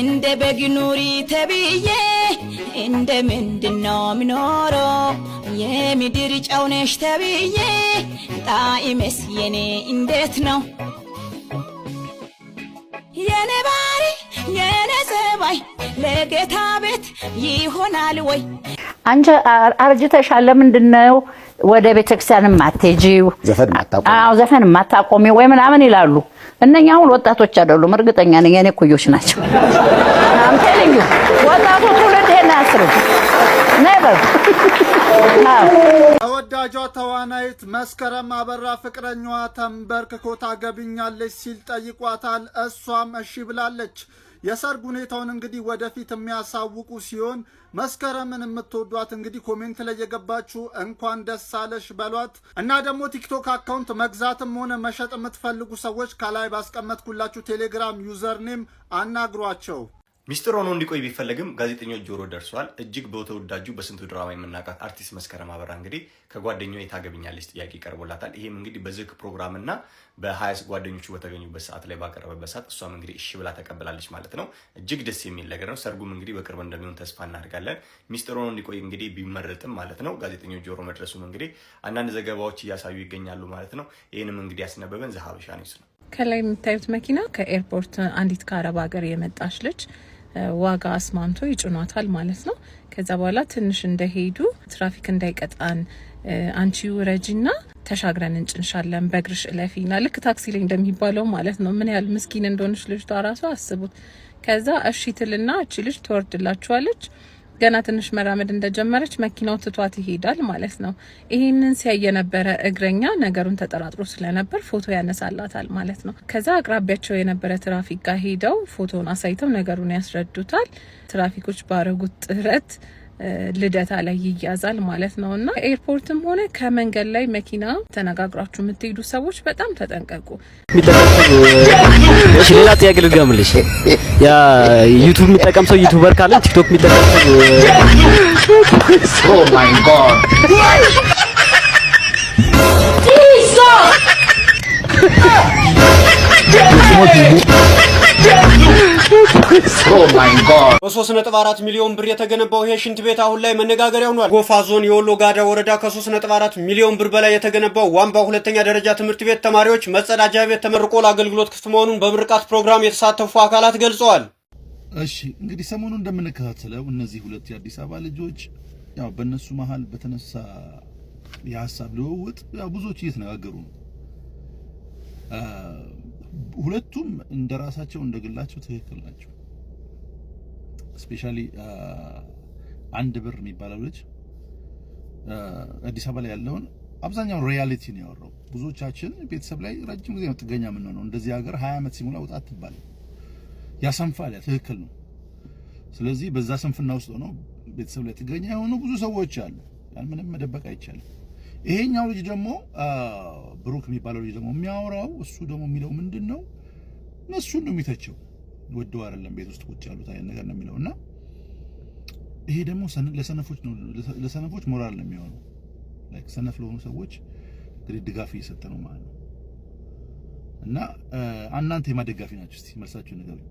እንደ በግ ኑሪ ተብዬ እንደ ምንድነው ምኖሮ የምድር ጨው ነሽ ተብዬ ጣዕሜስ የኔ እንዴት ነው? የኔ ባህሪ የኔ ጸባይ ለጌታ ቤት ይሆናል ወይ? አንቺ አርጅተሻል። ለምንድን ነው ወደ ቤተክርስቲያን ማትሄጂው? ዘፈን ማታቆሚ ወይ ምናምን ይላሉ እነኛ አሁን ወጣቶች አይደሉም፣ እርግጠኛ ነኝ የኔ ኩዮች ናቸው። ወጣቱ ትውልድ ይሄን አያስብም። ነበር ተወዳጇ ተዋናይት መስከረም አበራ ፍቅረኛዋ ተንበርክኮ ታገብኛለች ሲል ጠይቋታል። እሷም እሺ ብላለች። የሰርግ ሁኔታውን እንግዲህ ወደፊት የሚያሳውቁ ሲሆን መስከረምን የምትወዷት እንግዲህ ኮሜንት ላይ የገባችሁ እንኳን ደስ አለሽ በሏት እና ደግሞ ቲክቶክ አካውንት መግዛትም ሆነ መሸጥ የምትፈልጉ ሰዎች ከላይ ባስቀመጥኩላችሁ ቴሌግራም ዩዘርኔም አናግሯቸው። ሚስጥር ሆኖ እንዲቆይ ቢፈለግም ጋዜጠኞች ጆሮ ደርሷል። እጅግ በተወዳጁ በስንቱ ድራማ የምናውቃት አርቲስት መስከረም አበራ እንግዲህ ከጓደኛዋ የታገብኛለች ጥያቄ ቀርቦላታል። ይህም እንግዲህ በዝክ ፕሮግራም እና በሀያስ ጓደኞቹ በተገኙበት ሰዓት ላይ ባቀረበበት ሰዓት እሷም እንግዲህ እሺ ብላ ተቀብላለች ማለት ነው። እጅግ ደስ የሚል ነገር ነው። ሰርጉም እንግዲህ በቅርብ እንደሚሆን ተስፋ እናደርጋለን። ሚስጥር ሆኖ እንዲቆይ እንግዲህ ቢመረጥም ማለት ነው ጋዜጠኞች ጆሮ መድረሱም እንግዲህ አንዳንድ ዘገባዎች እያሳዩ ይገኛሉ ማለት ነው። ይህንም እንግዲህ ያስነበበን ዘሀበሻ ኒውስ ነው። ከላይ የምታዩት መኪና ከኤርፖርት አንዲት ከአረብ ሀገር የመጣች ልጅ ዋጋ አስማምቶ ይጭኗታል ማለት ነው። ከዛ በኋላ ትንሽ እንደሄዱ ትራፊክ እንዳይቀጣን አንቺ ውረጂና ተሻግረን እንጭንሻለን በእግርሽ እለፊና ልክ ታክሲ ላይ እንደሚባለው ማለት ነው። ምን ያህል ምስኪን እንደሆነች ልጅቷ ራሷ አስቡት። ከዛ እሺ ትልና እቺ ልጅ ትወርድላችኋለች። ገና ትንሽ መራመድ እንደጀመረች መኪናው ትቷት ይሄዳል ማለት ነው። ይህንን ሲያይ የነበረ እግረኛ ነገሩን ተጠራጥሮ ስለነበር ፎቶ ያነሳላታል ማለት ነው። ከዛ አቅራቢያቸው የነበረ ትራፊክ ጋር ሄደው ፎቶውን አሳይተው ነገሩን ያስረዱታል። ትራፊኮች ባረጉት ጥረት ልደታ ላይ ይያዛል ማለት ነው እና ኤርፖርትም ሆነ ከመንገድ ላይ መኪና ተነጋግራችሁ የምትሄዱ ሰዎች በጣም ተጠንቀቁ። ሌላ ጥያቄ ልድገምልሽ። ዩቱብ የሚጠቀም ሰው ዩቱበር ካለ ቲክቶክ የሚጠቀም ሰው Oh Oh በሶስት ነጥብ አራት ሚሊዮን ብር የተገነባው ይሄ ሽንት ቤት አሁን ላይ መነጋገሪያ ሆኗል። ጎፋ ዞን የወሎ ጋዳ ወረዳ ከሶስት ነጥብ አራት ሚሊዮን ብር በላይ የተገነባው ዋንባ ሁለተኛ ደረጃ ትምህርት ቤት ተማሪዎች መጸዳጃ ቤት ተመርቆ ለአገልግሎት ክፍት መሆኑን በምርቃት ፕሮግራም የተሳተፉ አካላት ገልጸዋል። እሺ እንግዲህ ሰሞኑን እንደምንከታተለው እነዚህ ሁለት የአዲስ አበባ ልጆች ያው በእነሱ መሀል በተነሳ የሀሳብ ልውውጥ ያው ብዙዎች እየተነጋገሩ ነው። ሁለቱም እንደ ራሳቸው እንደ ግላቸው ትክክል ናቸው። ስፔሻሊ አንድ ብር የሚባለው ልጅ አዲስ አበባ ላይ ያለውን አብዛኛውን ሪያሊቲ ነው ያወራው። ብዙዎቻችን ቤተሰብ ላይ ረጅም ጊዜ ጥገኛ የምንሆነው። እንደዚህ ሀገር ሀያ ዓመት ሲሞላ ወጣት ትባል ያሰንፋል። ትክክል ነው። ስለዚህ በዛ ስንፍና ውስጥ ሆነው ቤተሰብ ላይ ጥገኛ የሆኑ ብዙ ሰዎች አሉ። ያን ምንም መደበቅ አይቻልም። ይሄኛው ልጅ ደግሞ ብሩክ የሚባለው ልጅ ደግሞ የሚያወራው እሱ ደግሞ የሚለው ምንድን ነው እነሱን ነው የሚተቸው ወደው አይደለም ቤት ውስጥ ቁጭ ያሉት አይነት ነገር ነው የሚለው እና ይሄ ደግሞ ለሰነፎች ነው ለሰነፎች ሞራል ነው የሚሆነው። ላይክ ሰነፍ ለሆኑ ሰዎች እንግዲህ ድጋፍ እየሰጠ ነው ማለት ነው እና እናንተ የማደጋፊ ናችሁ? እስቲ መልሳችሁ ንገሩኝ።